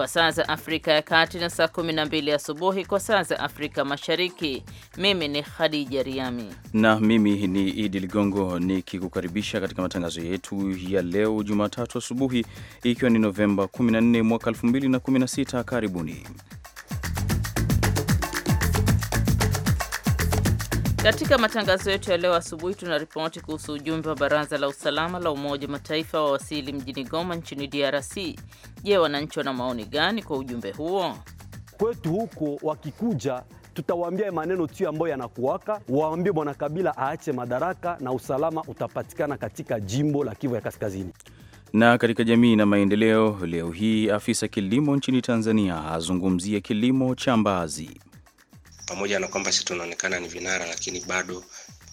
kwa saa za Afrika ya Kati na saa 12 asubuhi kwa saa za Afrika Mashariki. Mimi ni Khadija Riami na mimi ni Idi Ligongo nikikukaribisha katika matangazo yetu ya leo Jumatatu asubuhi, ikiwa ni Novemba 14 mwaka 2016. Karibuni. Katika matangazo yetu ya leo asubuhi, tuna ripoti kuhusu ujumbe wa baraza la usalama la Umoja wa Mataifa wa wasili mjini Goma nchini DRC. Je, wananchi wana maoni gani kwa ujumbe huo? Kwetu huko wakikuja tutawaambia maneno tu ambayo yanakuwaka, waambie bwana Kabila aache madaraka na usalama utapatikana katika jimbo la Kivu ya Kaskazini. Na katika jamii na maendeleo, leo hii afisa kilimo nchini Tanzania azungumzia kilimo cha mbaazi pamoja na kwamba sisi tunaonekana ni vinara, lakini bado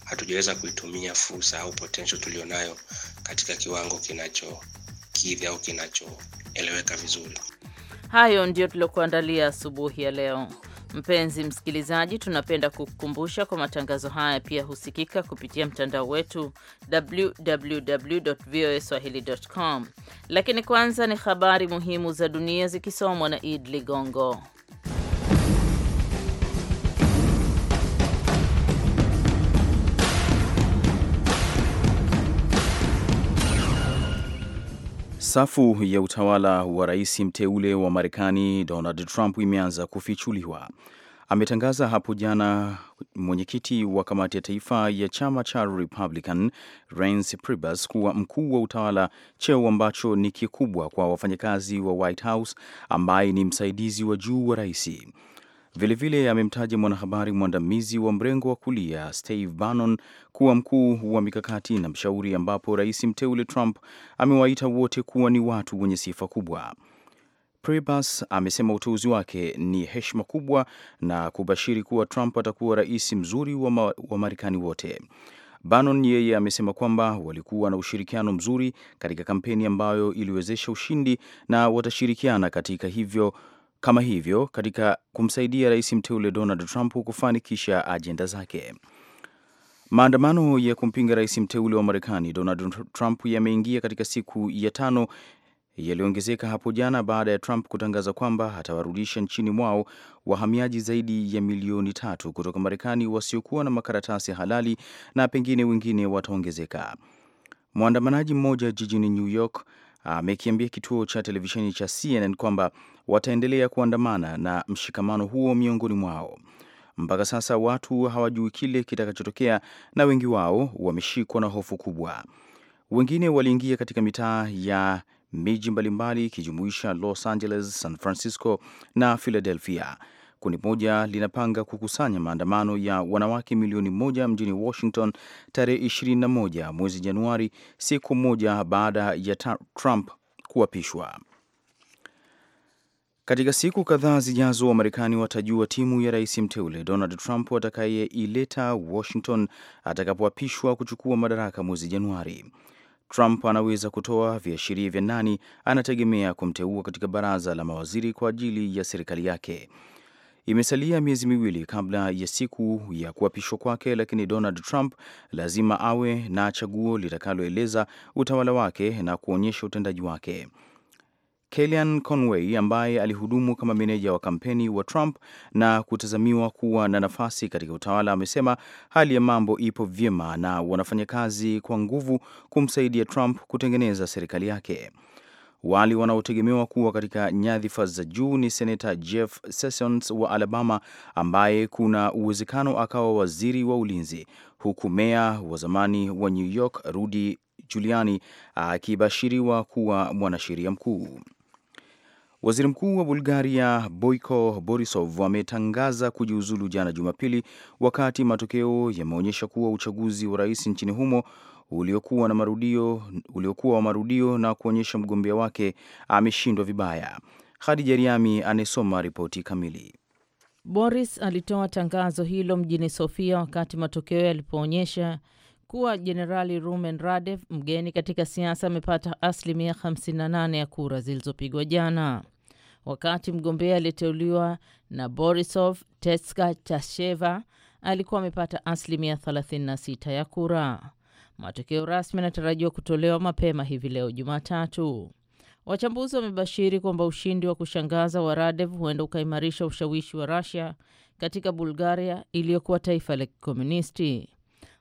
hatujaweza kuitumia fursa au potential tulionayo katika kiwango kinachokidhi au kinachoeleweka vizuri. Hayo ndiyo tuliokuandalia asubuhi ya leo. Mpenzi msikilizaji, tunapenda kukukumbusha kwa matangazo haya pia husikika kupitia mtandao wetu www.voaswahili.com. Lakini kwanza ni habari muhimu za dunia zikisomwa na Id Ligongo. Safu ya utawala wa rais mteule wa Marekani Donald Trump imeanza kufichuliwa. Ametangaza hapo jana mwenyekiti wa kamati ya taifa ya chama cha Republican Reince Priebus kuwa mkuu wa utawala, cheo ambacho ni kikubwa kwa wafanyakazi wa White House, ambaye ni msaidizi wa juu wa raisi Vilevile amemtaja mwanahabari mwandamizi wa mrengo wa kulia Steve Bannon kuwa mkuu wa mikakati na mshauri, ambapo rais mteule Trump amewaita wote kuwa ni watu wenye sifa kubwa. Priebus amesema uteuzi wake ni heshima kubwa na kubashiri kuwa Trump atakuwa rais mzuri wa, ma wa Marekani wote. Bannon yeye amesema kwamba walikuwa na ushirikiano mzuri katika kampeni ambayo iliwezesha ushindi na watashirikiana katika hivyo kama hivyo katika kumsaidia rais mteule Donald Trump kufanikisha ajenda zake. Maandamano ya kumpinga rais mteule wa Marekani Donald Trump yameingia katika siku ya tano yaliyoongezeka hapo jana baada ya Trump kutangaza kwamba atawarudisha nchini mwao wahamiaji zaidi ya milioni tatu kutoka Marekani wasiokuwa na makaratasi halali na pengine wengine wataongezeka. Mwandamanaji mmoja jijini New York amekiambia kituo cha televisheni cha CNN kwamba wataendelea kuandamana na mshikamano huo miongoni mwao. Mpaka sasa watu hawajui kile kitakachotokea na wengi wao wameshikwa na hofu kubwa. Wengine waliingia katika mitaa ya miji mbalimbali ikijumuisha Los Angeles, San Francisco na Philadelphia Kundi moja linapanga kukusanya maandamano ya wanawake milioni moja mjini Washington tarehe 21 mwezi Januari, siku moja baada ya Trump kuapishwa. Katika siku kadhaa zijazo, Wamarekani watajua timu ya rais mteule Donald Trump atakayeileta Washington atakapoapishwa kuchukua madaraka mwezi Januari. Trump anaweza kutoa viashiria vya nani anategemea kumteua katika baraza la mawaziri kwa ajili ya serikali yake. Imesalia miezi miwili kabla ya siku ya kuapishwa kwake, lakini Donald Trump lazima awe na chaguo litakaloeleza utawala wake na kuonyesha utendaji wake. Kellyanne Conway ambaye alihudumu kama meneja wa kampeni wa Trump na kutazamiwa kuwa na nafasi katika utawala amesema hali ya mambo ipo vyema na wanafanya kazi kwa nguvu kumsaidia Trump kutengeneza serikali yake. Wale wanaotegemewa kuwa katika nyadhifa za juu ni seneta Jeff Sessions wa Alabama, ambaye kuna uwezekano akawa waziri wa ulinzi, huku meya wa zamani wa New York Rudy Giuliani akibashiriwa kuwa mwanasheria mkuu. Waziri mkuu wa Bulgaria boiko Borisov ametangaza kujiuzulu jana Jumapili, wakati matokeo yameonyesha kuwa uchaguzi wa rais nchini humo uliokuwa na marudio, uliokuwa wa marudio na kuonyesha mgombea wake ameshindwa vibaya. Khadija Riami anayesoma ripoti kamili. Boris alitoa tangazo hilo mjini Sofia wakati matokeo yalipoonyesha kuwa Jenerali Rumen Radev, mgeni katika siasa, amepata asilimia 58 ya kura zilizopigwa jana, wakati mgombea aliyeteuliwa na Borisov teska Tasheva alikuwa amepata asilimia 36 ya kura. Matokeo rasmi yanatarajiwa kutolewa mapema hivi leo Jumatatu. Wachambuzi wamebashiri kwamba ushindi wa kushangaza wa Radev huenda ukaimarisha ushawishi wa rusia katika Bulgaria iliyokuwa taifa la kikomunisti,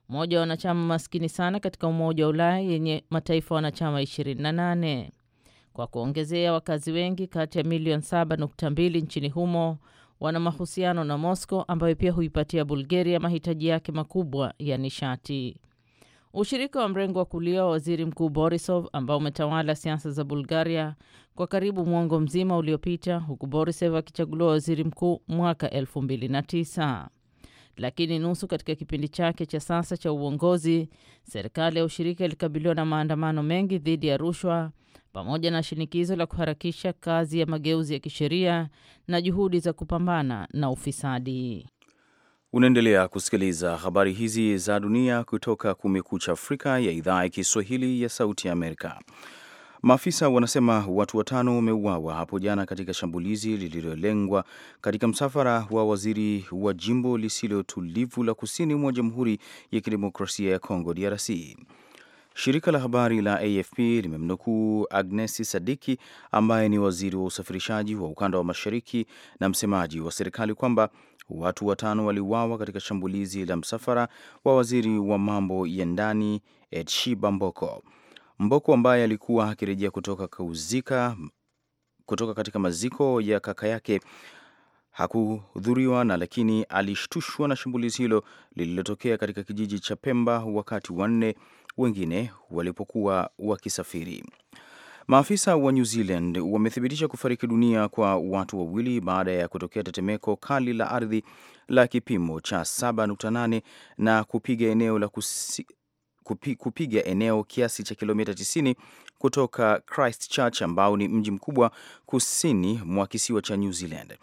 mmoja wa wanachama maskini sana katika Umoja wa Ulaya yenye mataifa wanachama 28. Kwa kuongezea, wakazi wengi kati ya milioni 7.2 nchini humo wana mahusiano na Moscow ambayo pia huipatia Bulgaria mahitaji yake makubwa ya nishati. Ushirika wa mrengo wa kulia wa waziri mkuu Borisov ambao umetawala siasa za Bulgaria kwa karibu mwongo mzima uliopita, huku Borisov akichaguliwa waziri mkuu mwaka 2009. Lakini nusu katika kipindi chake cha sasa cha uongozi, serikali ya ushirika ilikabiliwa na maandamano mengi dhidi ya rushwa pamoja na shinikizo la kuharakisha kazi ya mageuzi ya kisheria na juhudi za kupambana na ufisadi. Unaendelea kusikiliza habari hizi za dunia kutoka Kumekucha Afrika ya idhaa ya Kiswahili ya Sauti ya Amerika. Maafisa wanasema watu watano wameuawa hapo jana katika shambulizi lililolengwa katika msafara wa waziri wa jimbo lisilotulivu la kusini mwa Jamhuri ya Kidemokrasia ya Kongo, DRC. Shirika la habari la AFP limemnukuu Agnesi Sadiki ambaye ni waziri wa usafirishaji wa ukanda wa mashariki na msemaji wa serikali kwamba Watu watano waliuawa katika shambulizi la msafara wa waziri wa mambo ya ndani Edshiba Mboko. Mboko ambaye alikuwa akirejea kutoka kuzika kutoka katika maziko ya kaka yake hakuhudhuriwa na lakini alishtushwa na shambulizi hilo lililotokea katika kijiji cha Pemba wakati wanne wengine walipokuwa wakisafiri. Maafisa wa New Zealand wamethibitisha kufariki dunia kwa watu wawili baada ya kutokea tetemeko kali la ardhi la kipimo cha 7.8 na kupiga eneo la kusi kupiga eneo kiasi cha kilomita 90 kutoka Christchurch ambao ni mji mkubwa kusini mwa kisiwa cha New Zealand.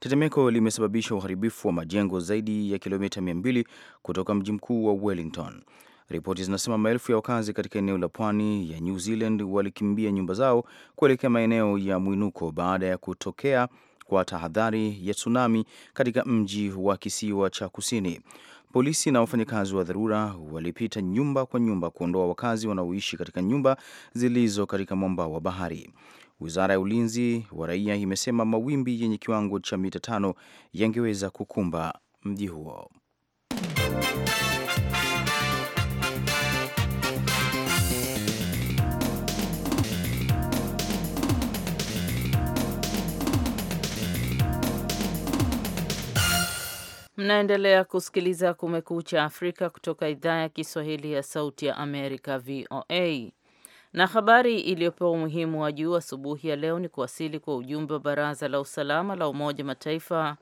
Tetemeko limesababisha uharibifu wa majengo zaidi ya kilomita 200 kutoka mji mkuu wa Wellington. Ripoti zinasema maelfu ya wakazi katika eneo la pwani ya New Zealand walikimbia nyumba zao kuelekea maeneo ya mwinuko baada ya kutokea kwa tahadhari ya tsunami katika mji wa kisiwa cha kusini. Polisi na wafanyakazi wa dharura walipita nyumba kwa nyumba kuondoa wakazi wanaoishi katika nyumba zilizo katika mwambao wa bahari. Wizara ya ulinzi wa raia imesema mawimbi yenye kiwango cha mita tano yangeweza kukumba mji huo. Mnaendelea kusikiliza Kumekucha Afrika kutoka idhaa ya Kiswahili ya Sauti ya Amerika, VOA. Na habari iliyopewa umuhimu wa juu asubuhi ya leo ni kuwasili kwa ujumbe wa Baraza la Usalama la Umoja Mataifa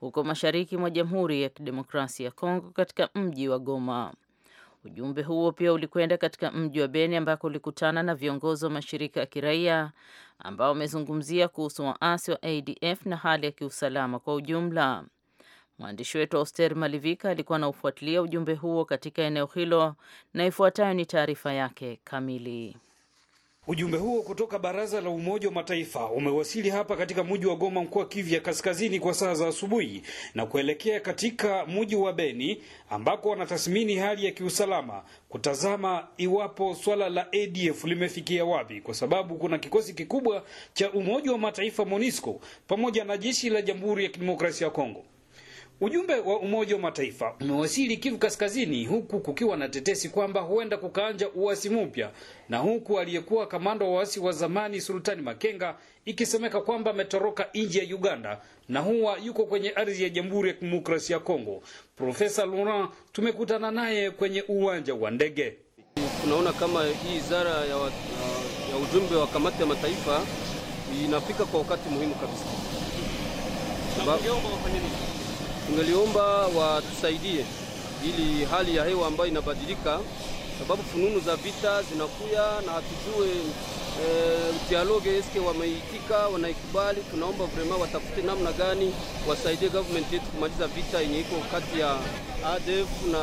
huko mashariki mwa Jamhuri ya Kidemokrasia ya Kongo, katika mji wa Goma. Ujumbe huo pia ulikwenda katika mji wa Beni ambako ulikutana na viongozi wa mashirika ya kiraia ambao wamezungumzia kuhusu waasi wa ADF na hali ya kiusalama kwa ujumla. Mwandishi wetu Auster Malivika alikuwa anaufuatilia ujumbe huo katika eneo hilo, na ifuatayo ni taarifa yake kamili. Ujumbe huo kutoka Baraza la Umoja wa Mataifa umewasili hapa katika mji wa Goma, mkoa wa Kivu ya Kaskazini kwa saa za asubuhi na kuelekea katika mji wa Beni ambako wanatathmini hali ya kiusalama kutazama iwapo swala la ADF limefikia wapi, kwa sababu kuna kikosi kikubwa cha Umoja wa Mataifa MONUSCO pamoja na jeshi la Jamhuri ya Kidemokrasia ya Kongo. Ujumbe wa Umoja wa Mataifa umewasili Kivu Kaskazini, huku kukiwa na tetesi kwamba huenda kukaanja uasi mpya, na huku aliyekuwa kamanda wa waasi wa zamani Sultani Makenga ikisemeka kwamba ametoroka nje ya Uganda na huwa yuko kwenye ardhi ya Jamhuri ya Kidemokrasia ya Kongo. Profesa Laurent tumekutana naye kwenye uwanja wa ndege. Tunaona kama hii zara ya, wa, ya ujumbe wa kamati ya mataifa inafika kwa wakati muhimu kabisa tungeliomba watusaidie ili hali ya hewa ambayo inabadilika, sababu fununu za vita zinakuya na hatujue e, dialogue eske wameitika wanaikubali. Tunaomba vrema watafute namna gani wasaidie government yetu kumaliza vita yenye iko kati ya ADF na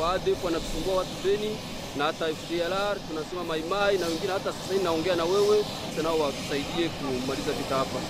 waadf wanatusumbua watu Beni na hata FDLR tunasema maimai na wengine hata sasa hivi naongea na wewe, sasa nao watusaidie kumaliza vita hapa.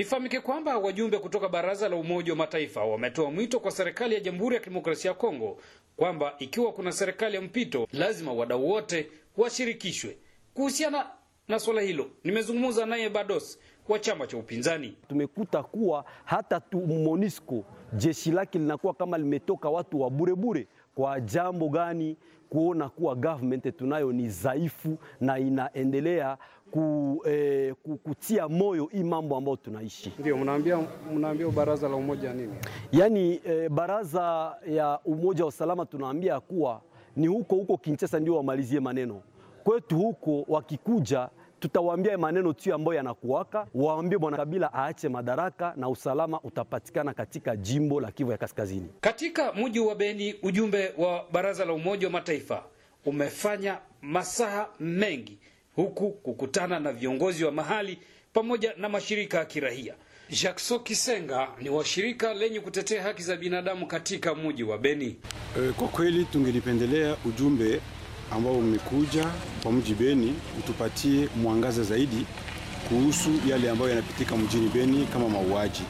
Ifahamike kwamba wajumbe kutoka Baraza la Umoja wa Mataifa wametoa mwito kwa serikali ya Jamhuri ya Kidemokrasia ya Kongo kwamba ikiwa kuna serikali ya mpito, lazima wadau wote washirikishwe kuhusiana na swala hilo. Nimezungumza naye Bados wa chama cha upinzani. Tumekuta kuwa hata tu MONUSCO jeshi lake linakuwa kama limetoka watu wa burebure. Kwa jambo gani? Kuona kuwa government tunayo ni dhaifu na inaendelea ku, eh, kutia moyo hii mambo ambayo tunaishi. Ndio mnaambia mnaambia baraza la umoja nini? Yaani eh, baraza ya umoja wa usalama tunaambia kuwa ni huko huko Kinshasa ndio wamalizie maneno kwetu huko, wakikuja tutawaambia maneno tu ambayo yanakuwaka, waambie bwana Kabila aache madaraka na usalama utapatikana katika jimbo la Kivu ya Kaskazini. Katika mji wa Beni, ujumbe wa baraza la Umoja wa Mataifa umefanya masaha mengi huku kukutana na viongozi wa mahali pamoja na mashirika ya kiraia. Jackson Kisenga ni washirika lenye kutetea haki za binadamu katika mji wa Beni. Eh, kwa kweli tungelipendelea ujumbe ambao umekuja kwa mji Beni utupatie mwangaza zaidi kuhusu yale ambayo yanapitika mjini Beni kama mauaji.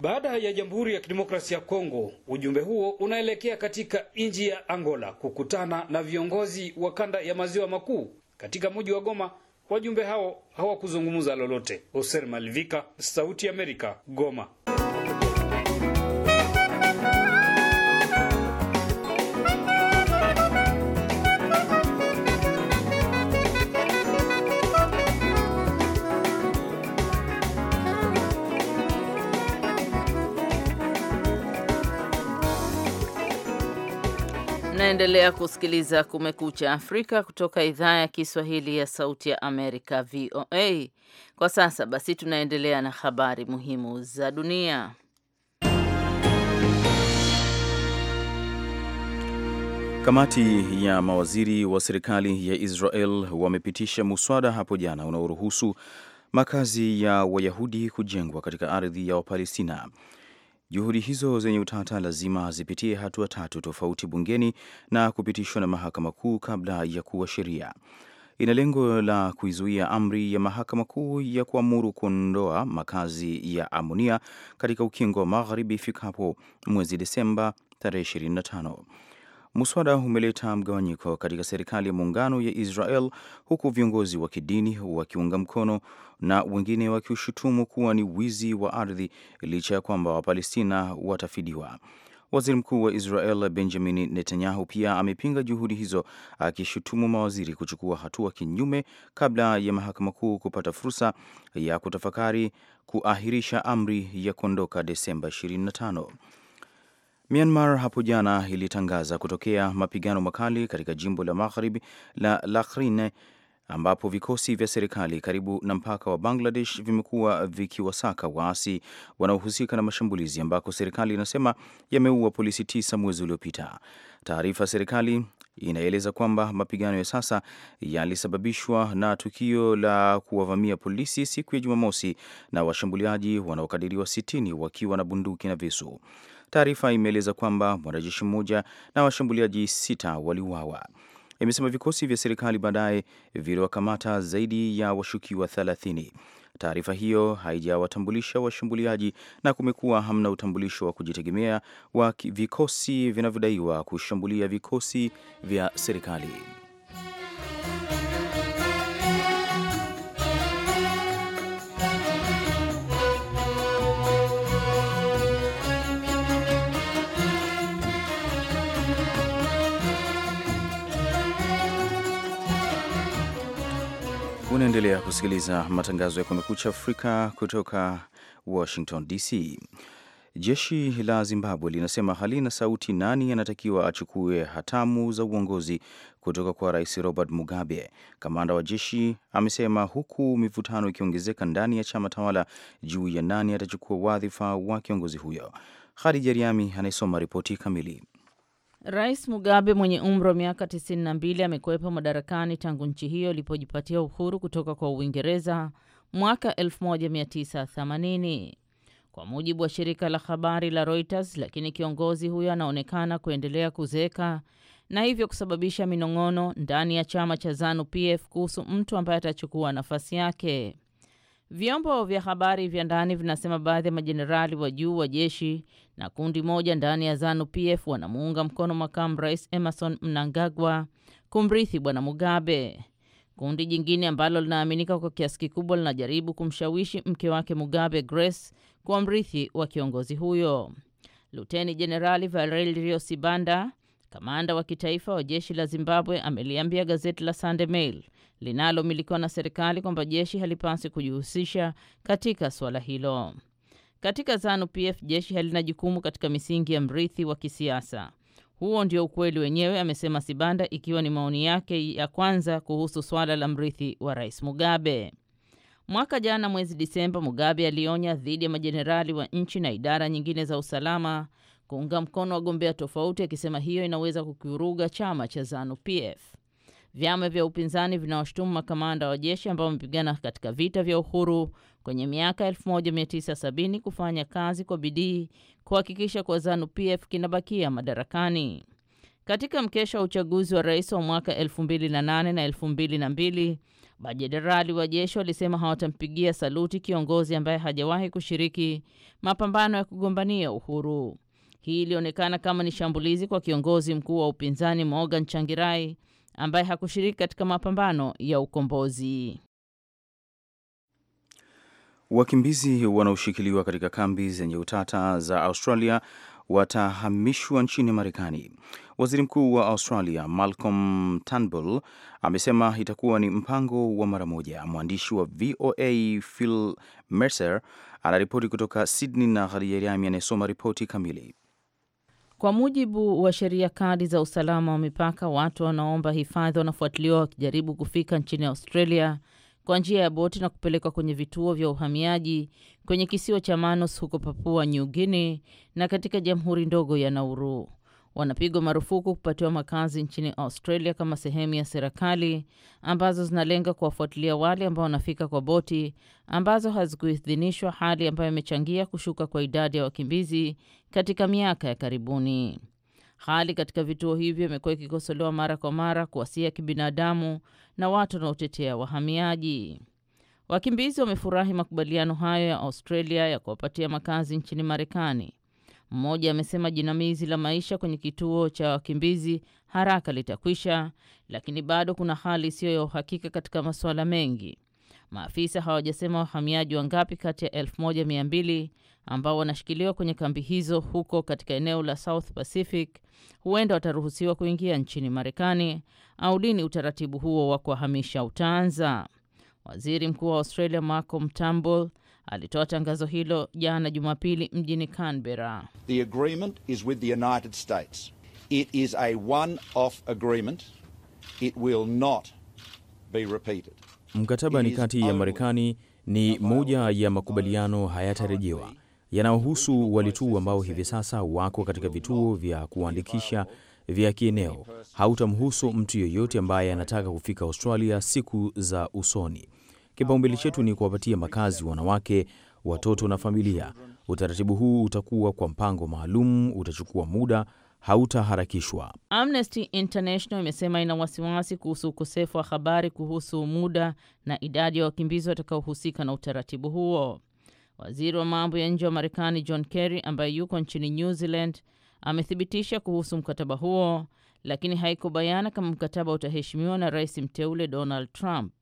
Baada ya Jamhuri ya Kidemokrasia ya Kongo, ujumbe huo unaelekea katika nchi ya Angola kukutana na viongozi wa kanda ya maziwa makuu katika mji wa Goma, wajumbe hao hawakuzungumza lolote. Oser Malvika, Sauti ya Amerika, Goma. Unaendelea kusikiliza Kumekucha Afrika kutoka idhaa ya Kiswahili ya Sauti ya Amerika, VOA. Kwa sasa basi, tunaendelea na habari muhimu za dunia. Kamati ya mawaziri wa serikali ya Israel wamepitisha muswada hapo jana unaoruhusu makazi ya Wayahudi kujengwa katika ardhi ya Wapalestina. Juhudi hizo zenye utata lazima zipitie hatua tatu tofauti bungeni na kupitishwa na mahakama kuu kabla ya kuwa sheria. Ina lengo la kuizuia amri ya mahakama kuu ya kuamuru kuondoa makazi ya amonia katika ukingo wa magharibi ifikapo mwezi Desemba tarehe 25. Muswada umeleta mgawanyiko katika serikali ya muungano ya Israel, huku viongozi wa kidini wakiunga mkono na wengine wakiushutumu kuwa ni wizi wa ardhi, licha ya kwamba Wapalestina watafidiwa. Waziri mkuu wa Israel Benjamin Netanyahu pia amepinga juhudi hizo, akishutumu mawaziri kuchukua hatua kinyume kabla ya mahakama kuu kupata fursa ya kutafakari kuahirisha amri ya kuondoka Desemba 25. Myanmar hapo jana ilitangaza kutokea mapigano makali katika jimbo la magharibi la Rakhine ambapo vikosi vya serikali karibu na mpaka wa Bangladesh vimekuwa vikiwasaka waasi wanaohusika na mashambulizi ambako serikali inasema yameua polisi tisa mwezi uliopita. Taarifa serikali inaeleza kwamba mapigano ya sasa yalisababishwa na tukio la kuwavamia polisi siku ya Jumamosi na washambuliaji wanaokadiriwa sitini wakiwa na bunduki na visu. Taarifa imeeleza kwamba mwanajeshi mmoja na washambuliaji sita waliuawa. Imesema vikosi vya serikali baadaye viliwakamata zaidi ya washukiwa thelathini. Taarifa hiyo haijawatambulisha washambuliaji na kumekuwa hamna utambulisho wa kujitegemea wa vikosi vinavyodaiwa kushambulia vikosi vya serikali. Unaendelea kusikiliza matangazo ya Kumekucha Afrika kutoka Washington DC. Jeshi la Zimbabwe linasema halina sauti nani anatakiwa achukue hatamu za uongozi kutoka kwa Rais Robert Mugabe, kamanda wa jeshi amesema, huku mivutano ikiongezeka ndani ya chama tawala juu ya nani atachukua wadhifa wa kiongozi huyo. Khadija Riami anayesoma ripoti kamili. Rais Mugabe mwenye umri wa miaka 92 amekuwepo madarakani tangu nchi hiyo ilipojipatia uhuru kutoka kwa Uingereza mwaka 1980 kwa mujibu wa shirika la habari la Reuters. Lakini kiongozi huyo anaonekana kuendelea kuzeeka na hivyo kusababisha minong'ono ndani ya chama cha ZANU PF kuhusu mtu ambaye atachukua nafasi yake. Vyombo vya habari vya ndani vinasema baadhi ya majenerali wa juu wa jeshi na kundi moja ndani ya Zanu PF wanamuunga mkono makamu rais Emerson Mnangagwa kumrithi bwana Mugabe. Kundi jingine ambalo linaaminika kwa kiasi kikubwa linajaribu kumshawishi mke wake Mugabe, Grace, kuwa mrithi wa kiongozi huyo. Luteni Jenerali Valerio Sibanda, kamanda wa kitaifa wa jeshi la Zimbabwe, ameliambia gazeti la Sunday Mail linalomilikiwa na serikali kwamba jeshi halipaswi kujihusisha katika suala hilo. Katika ZANU-PF jeshi halina jukumu katika misingi ya mrithi wa kisiasa. Huo ndio ukweli wenyewe, amesema Sibanda, ikiwa ni maoni yake ya kwanza kuhusu swala la mrithi wa Rais Mugabe. Mwaka jana mwezi Disemba, Mugabe alionya dhidi ya majenerali wa nchi na idara nyingine za usalama kuunga mkono wagombea tofauti, akisema hiyo inaweza kukivuruga chama cha ZANU-PF. Vyama vya upinzani vinawashutumu makamanda wa jeshi ambao wamepigana katika vita vya uhuru kwenye miaka 1970 kufanya kazi kwa bidii kuhakikisha kwa Zanu PF kinabakia madarakani. Katika mkesha wa uchaguzi wa rais wa mwaka 2008 na 2002, majenerali wa jeshi walisema hawatampigia saluti kiongozi ambaye hajawahi kushiriki mapambano ya kugombania uhuru. Hii ilionekana kama ni shambulizi kwa kiongozi mkuu wa upinzani Morgan Changirai ambaye hakushiriki katika mapambano ya ukombozi. Wakimbizi wanaoshikiliwa katika kambi zenye utata za Australia watahamishwa nchini Marekani. Waziri Mkuu wa Australia Malcolm Turnbull amesema itakuwa ni mpango wa mara moja. Mwandishi wa VOA Phil Mercer anaripoti kutoka Sydney na Khadija Riami anayesoma ripoti kamili. Kwa mujibu wa sheria kali za usalama wa mipaka, watu wanaomba hifadhi wanafuatiliwa wakijaribu kufika nchini Australia kwa njia ya boti na kupelekwa kwenye vituo vya uhamiaji kwenye kisiwa cha Manus huko Papua New Guinea na katika jamhuri ndogo ya Nauru wanapigwa marufuku kupatiwa makazi nchini Australia kama sehemu ya serikali ambazo zinalenga kuwafuatilia wale ambao wanafika kwa boti ambazo hazikuidhinishwa, hali ambayo imechangia kushuka kwa idadi ya wakimbizi katika miaka ya karibuni. Hali katika vituo hivyo imekuwa ikikosolewa mara kwa mara kuwasia kibinadamu na watu wanaotetea wahamiaji. Wakimbizi wamefurahi makubaliano hayo ya Australia ya kuwapatia makazi nchini Marekani mmoja amesema jinamizi la maisha kwenye kituo cha wakimbizi haraka litakwisha, lakini bado kuna hali isiyo ya uhakika katika masuala mengi. Maafisa hawajasema wahamiaji wangapi kati ya 1200 ambao wanashikiliwa kwenye kambi hizo huko katika eneo la South Pacific huenda wataruhusiwa kuingia nchini Marekani au lini utaratibu huo wa kuwahamisha utaanza. Waziri Mkuu wa Australia Malcolm Turnbull Alitoa tangazo hilo jana Jumapili mjini Canberra. The agreement is with the United States. It is a one-off agreement. It will not be repeated. Mkataba ni kati ya Marekani, ni moja ya makubaliano hayatarejewa yanayohusu walituu ambao hivi sasa wako katika vituo vya kuandikisha vya kieneo. Hautamhusu mtu yeyote ambaye anataka kufika Australia siku za usoni. Kipaumbele chetu ni kuwapatia makazi wanawake, watoto na familia. Utaratibu huu utakuwa kwa mpango maalum, utachukua muda, hautaharakishwa. Amnesty International imesema ina wasiwasi kuhusu ukosefu wa habari kuhusu muda na idadi ya wakimbizi watakaohusika na utaratibu huo. Waziri wa mambo ya nje wa Marekani John Kerry ambaye yuko nchini New Zealand amethibitisha kuhusu mkataba huo, lakini haiko bayana kama mkataba utaheshimiwa na rais mteule Donald Trump.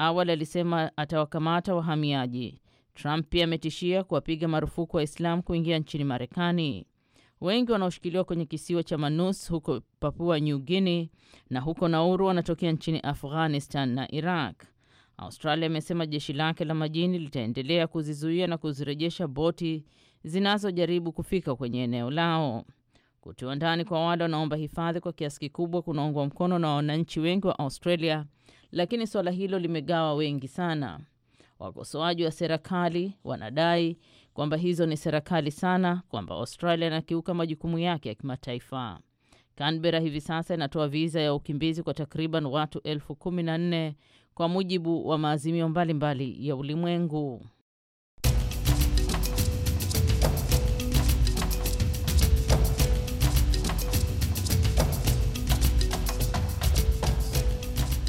Awali alisema atawakamata wahamiaji. Trump pia ametishia kuwapiga marufuku Waislamu kuingia nchini Marekani. Wengi wanaoshikiliwa kwenye kisiwa cha Manus huko Papua New Guinea na huko Nauru wanatokea nchini Afghanistan na Iraq. Australia imesema jeshi lake la majini litaendelea kuzizuia na kuzirejesha boti zinazojaribu kufika kwenye eneo lao. Kutiwa ndani kwa wale wanaomba hifadhi kwa kiasi kikubwa kunaungwa mkono na wananchi wengi wa Australia lakini suala hilo limegawa wengi sana. Wakosoaji wa serikali wanadai kwamba hizo ni serikali sana, kwamba Australia inakiuka majukumu yake ya kimataifa. Canberra hivi sasa inatoa viza ya ukimbizi kwa takriban watu elfu kumi na nne kwa mujibu wa maazimio mbalimbali ya ulimwengu.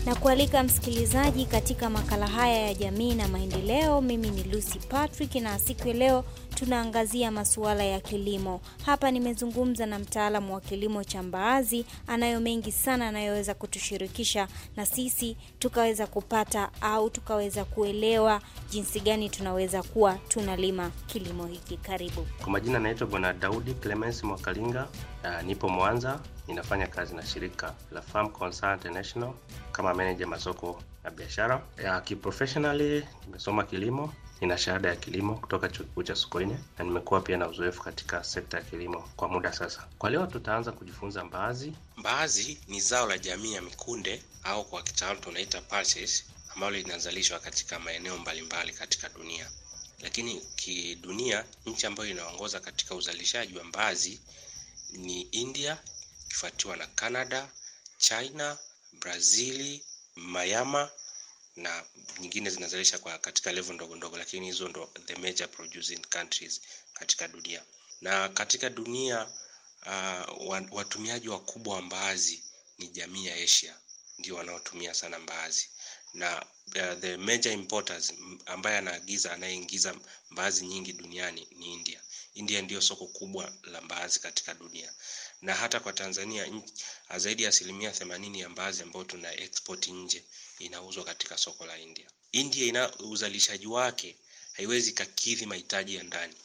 na kualika msikilizaji katika makala haya ya jamii na maendeleo. Mimi ni Lucy Patrick na siku ya leo tunaangazia masuala ya kilimo. Hapa nimezungumza na mtaalamu wa kilimo cha mbaazi, anayo mengi sana anayoweza kutushirikisha na sisi tukaweza kupata au tukaweza kuelewa jinsi gani tunaweza kuwa tunalima kilimo hiki. Karibu. Kwa majina, naitwa Bwana Daudi Clemens Mwakalinga. Uh, nipo Mwanza, ninafanya kazi na shirika la Farm Concern International kama manager masoko na biashara. Uh, kiprofessionally nimesoma kilimo Nina shahada ya kilimo kutoka chuo kikuu cha Sokoine na nimekuwa pia na uzoefu katika sekta ya kilimo kwa muda sasa. Kwa leo tutaanza kujifunza mbaazi. Mbaazi ni zao la jamii ya mikunde au kwa kitaalamu tunaita pulses, ambalo linazalishwa katika maeneo mbalimbali katika dunia, lakini kidunia nchi ambayo inaongoza katika uzalishaji wa mbaazi ni India ikifuatiwa na Canada, China, Brazili, Myanmar na nyingine zinazalisha kwa katika level ndogo ndogo, lakini hizo ndo the major producing countries katika dunia. Na katika dunia uh, watumiaji wakubwa wa mbaazi ni jamii ya Asia ndio wanaotumia sana mbaazi na uh, the major importers ambaye anaagiza anayeingiza mbaazi nyingi duniani ni India. India ndio soko kubwa la mbaazi katika dunia, na hata kwa Tanzania zaidi ya asilimia themanini ya mbaazi ambayo tuna export nje inauzwa katika soko la India. India ina uzalishaji wake haiwezi kakidhi mahitaji ya ndani.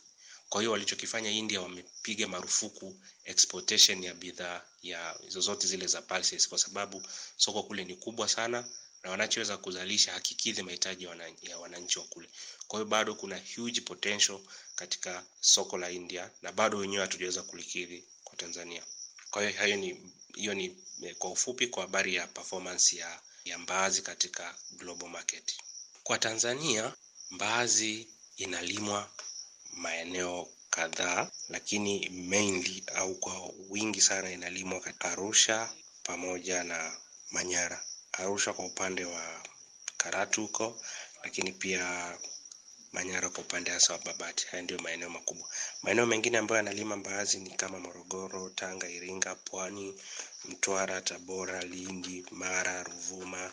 Kwa hiyo walichokifanya India, wamepiga marufuku exportation ya bidhaa ya zozote zile za pulses, kwa sababu soko kule ni kubwa sana na wanachoweza kuzalisha hakikidhi mahitaji ya wananchi wa kule. Kwa hiyo bado kuna huge potential katika soko la India na bado wenyewe hatujaweza kulikidhi kwa Tanzania. Kwa hiyo hayo ni hiyo ni eh, kwa ufupi kwa habari ya performance ya ya mbaazi katika global market. Kwa Tanzania, mbaazi inalimwa maeneo kadhaa, lakini mainly au kwa wingi sana inalimwa katika Arusha pamoja na Manyara. Arusha kwa upande wa Karatu huko, lakini pia Manyara kwa upande hasa wa Babati. Haya ndio maeneo makubwa. Maeneo mengine ambayo yanalima mbaazi ni kama Morogoro, Tanga, Iringa, Pwani, Mtwara, Tabora, Lindi, Mara, Ruvuma,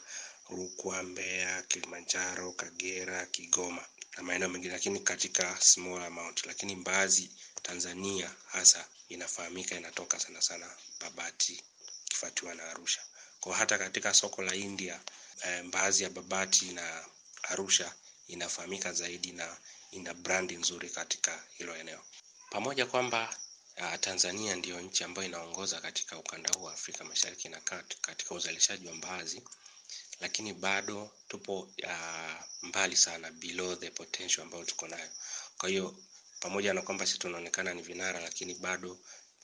Rukwa, Mbeya, Kilimanjaro, Kagera, Kigoma na maeneo mengine, lakini katika small amount. Lakini mbaazi Tanzania hasa inafahamika inatoka sana sana Babati ikifuatiwa na Arusha. Kwa hata katika soko la India, eh, mbaazi ya Babati na Arusha inafahamika zaidi na ina brandi nzuri katika hilo eneo. Pamoja kwamba uh, Tanzania ndiyo nchi ambayo inaongoza katika ukanda huu wa Afrika Mashariki na Kati katika uzalishaji wa mbaazi, lakini bado tupo uh, mbali sana below the potential ambayo tuko nayo. Kwa hiyo pamoja na kwamba sisi tunaonekana ni vinara, lakini bado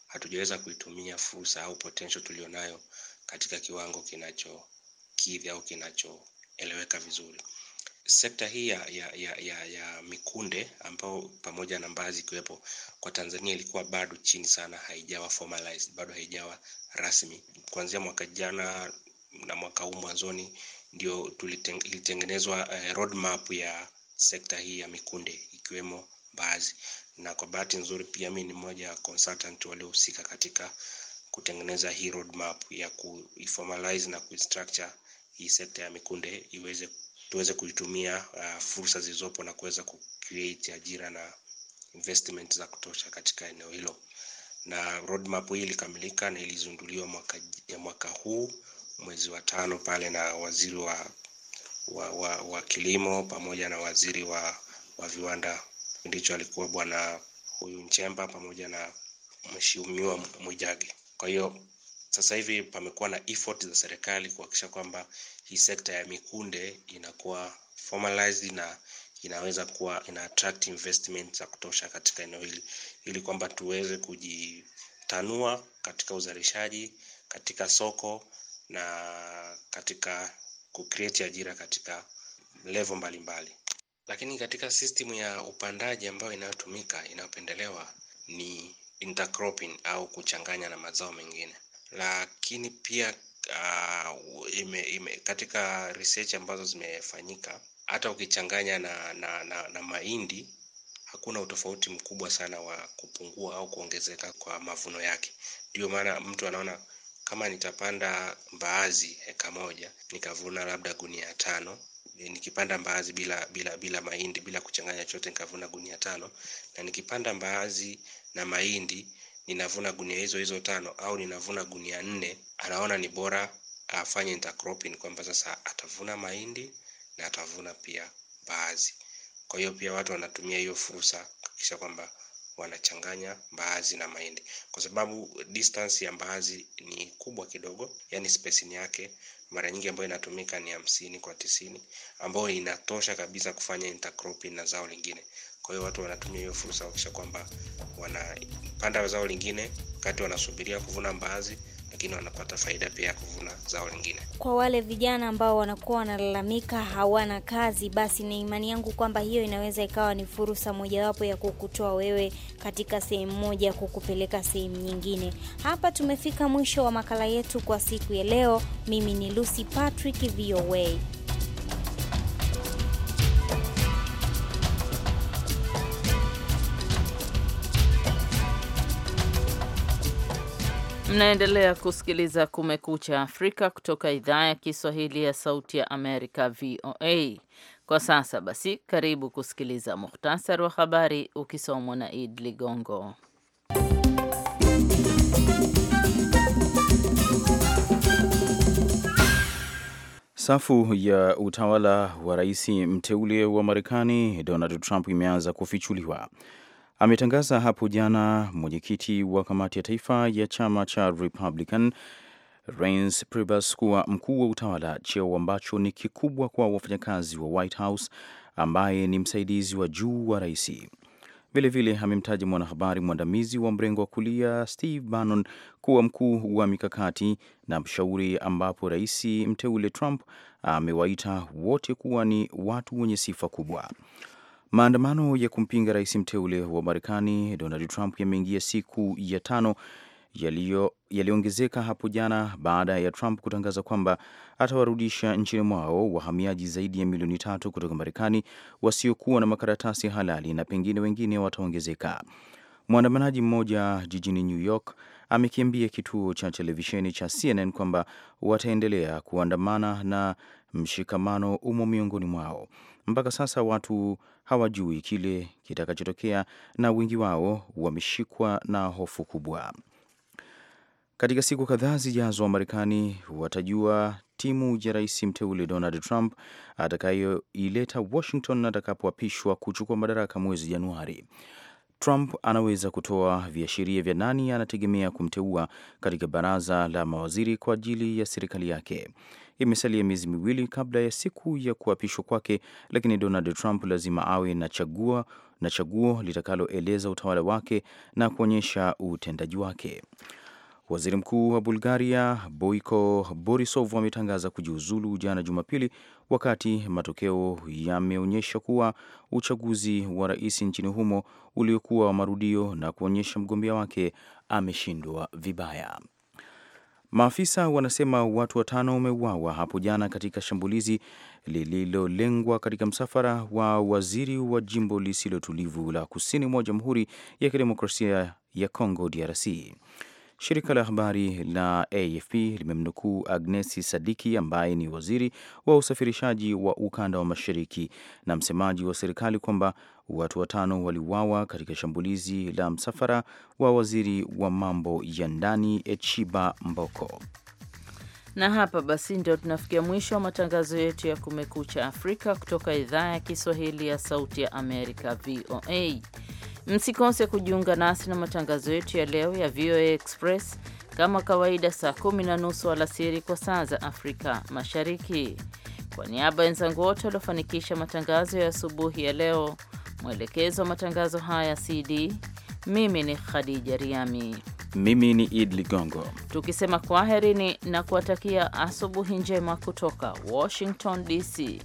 hatujaweza kuitumia fursa au potential tulionayo katika kiwango kinachokidhi au kinachoeleweka vizuri sekta hii ya, ya, ya, ya, ya mikunde ambao pamoja na mbaazi ikiwepo kwa Tanzania ilikuwa bado chini sana, haijawa formalized, bado haijawa rasmi. Kuanzia mwaka jana na mwaka huu mwanzoni ndio ilitengenezwa uh, roadmap ya sekta hii ya mikunde ikiwemo mbaazi, na kwa bahati nzuri pia mimi ni mmoja ya consultant waliohusika katika kutengeneza hii roadmap ya kuifomalize na kuistructure hii sekta ya mikunde iweze tuweze kuitumia uh, fursa zilizopo na kuweza kucreate ajira na investment za kutosha katika eneo hilo, na roadmap hii ilikamilika na ilizunduliwa mwaka, eh, mwaka huu mwezi wa tano pale na waziri wa, wa, wa, wa kilimo pamoja na waziri wa, wa viwanda ndicho alikuwa bwana huyu Nchemba pamoja na mheshimiwa Mwijage. Kwa hiyo sasa hivi pamekuwa na effort za serikali kuhakikisha kwamba hii sekta ya mikunde inakuwa formalized na inaweza kuwa ina attract investment za kutosha katika eneo hili, ili kwamba tuweze kujitanua katika uzalishaji, katika soko na katika kucreate ajira katika level mbalimbali. Lakini katika system ya upandaji ambayo inayotumika inayopendelewa ni intercropping au kuchanganya na mazao mengine, lakini pia uh, ime, ime, katika research ambazo zimefanyika hata ukichanganya na, na, na, na mahindi hakuna utofauti mkubwa sana wa kupungua au kuongezeka kwa mavuno yake. ndio maana mtu anaona kama nitapanda mbaazi heka moja nikavuna labda gunia tano, e, nikipanda mbaazi bila bila bila mahindi bila kuchanganya chote nikavuna gunia tano, na nikipanda mbaazi na mahindi ninavuna gunia hizo hizo tano au ninavuna gunia nne anaona ni bora afanye intercropping kwamba sasa atavuna mahindi na atavuna pia mbaazi kwa hiyo pia watu wanatumia hiyo fursa kisha kwamba wanachanganya mbaazi na mahindi kwa sababu distance ya mbaazi ni kubwa kidogo yani spacing yake mara nyingi ambayo inatumika ni hamsini kwa tisini ambayo inatosha kabisa kufanya intercropping na zao lingine kwa hiyo watu wanatumia hiyo fursa kuhakikisha kwamba wanapanda zao lingine wakati wanasubiria kuvuna mbaazi, lakini wanapata faida pia ya kuvuna zao lingine. Kwa wale vijana ambao wanakuwa wanalalamika hawana kazi, basi ni imani yangu kwamba hiyo inaweza ikawa ni fursa mojawapo ya kukutoa wewe katika sehemu moja kukupeleka sehemu nyingine. Hapa tumefika mwisho wa makala yetu kwa siku ya leo. Mimi ni Lucy Patrick, VOA. Mnaendelea kusikiliza Kumekucha Afrika kutoka idhaa ya Kiswahili ya Sauti ya Amerika, VOA. Kwa sasa basi, karibu kusikiliza muhtasari wa habari ukisomwa na Id Ligongo. Safu ya utawala wa rais mteule wa Marekani Donald Trump imeanza kufichuliwa ametangaza hapo jana mwenyekiti wa kamati ya taifa ya chama cha Republican Reince Priebus kuwa mkuu wa utawala, cheo ambacho ni kikubwa kwa wafanyakazi wa White House, ambaye ni msaidizi wa juu wa raisi. Vilevile amemtaja mwanahabari mwandamizi wa mrengo wa kulia Steve Bannon kuwa mkuu wa mikakati na mshauri, ambapo rais mteule Trump amewaita wote kuwa ni watu wenye sifa kubwa. Maandamano ya kumpinga rais mteule wa Marekani Donald Trump yameingia siku ya tano yaliyoongezeka hapo jana baada ya Trump kutangaza kwamba atawarudisha nchini mwao wahamiaji zaidi ya milioni tatu kutoka Marekani wasiokuwa na makaratasi halali na pengine wengine wataongezeka. Mwandamanaji mmoja jijini New York amekiambia kituo cha televisheni cha CNN kwamba wataendelea kuandamana na mshikamano umo miongoni mwao. Mpaka sasa watu hawajui kile kitakachotokea na wengi wao wameshikwa na hofu kubwa. Katika siku kadhaa zijazo, Wamarekani watajua timu ya rais mteule Donald Trump atakayoileta Washington atakapoapishwa kuchukua madaraka mwezi Januari. Trump anaweza kutoa viashiria vya nani anategemea kumteua katika baraza la mawaziri kwa ajili ya serikali yake. Imesalia miezi miwili kabla ya siku ya kuapishwa kwake, lakini Donald Trump lazima awe na chaguo na chaguo litakaloeleza utawala wake na kuonyesha utendaji wake. Waziri Mkuu wa Bulgaria Boiko Borisov ametangaza kujiuzulu jana Jumapili, wakati matokeo yameonyesha kuwa uchaguzi wa rais nchini humo uliokuwa wa marudio na kuonyesha mgombea wake ameshindwa vibaya. Maafisa wanasema watu watano wameuawa hapo jana katika shambulizi lililolengwa katika msafara wa waziri wa jimbo lisilotulivu la kusini mwa Jamhuri ya Kidemokrasia ya Kongo DRC. Shirika la habari la AFP limemnukuu Agnesi Sadiki ambaye ni waziri wa usafirishaji wa ukanda wa mashariki na msemaji wa serikali kwamba watu watano waliuawa katika shambulizi la msafara wa waziri wa mambo ya ndani Echiba Mboko. Na hapa basi ndio tunafikia mwisho wa matangazo yetu ya Kumekucha Afrika kutoka idhaa ya Kiswahili ya Sauti ya Amerika, VOA. Msikose kujiunga nasi na matangazo yetu ya leo ya VOA Express kama kawaida, saa kumi na nusu alasiri kwa saa za Afrika Mashariki. Kwa niaba ya wenzangu wote waliofanikisha matangazo ya asubuhi ya leo, mwelekezo wa matangazo haya CD, mimi ni Khadija Riami, mimi ni Id Ligongo, tukisema kwaherini na kuwatakia asubuhi njema kutoka Washington DC.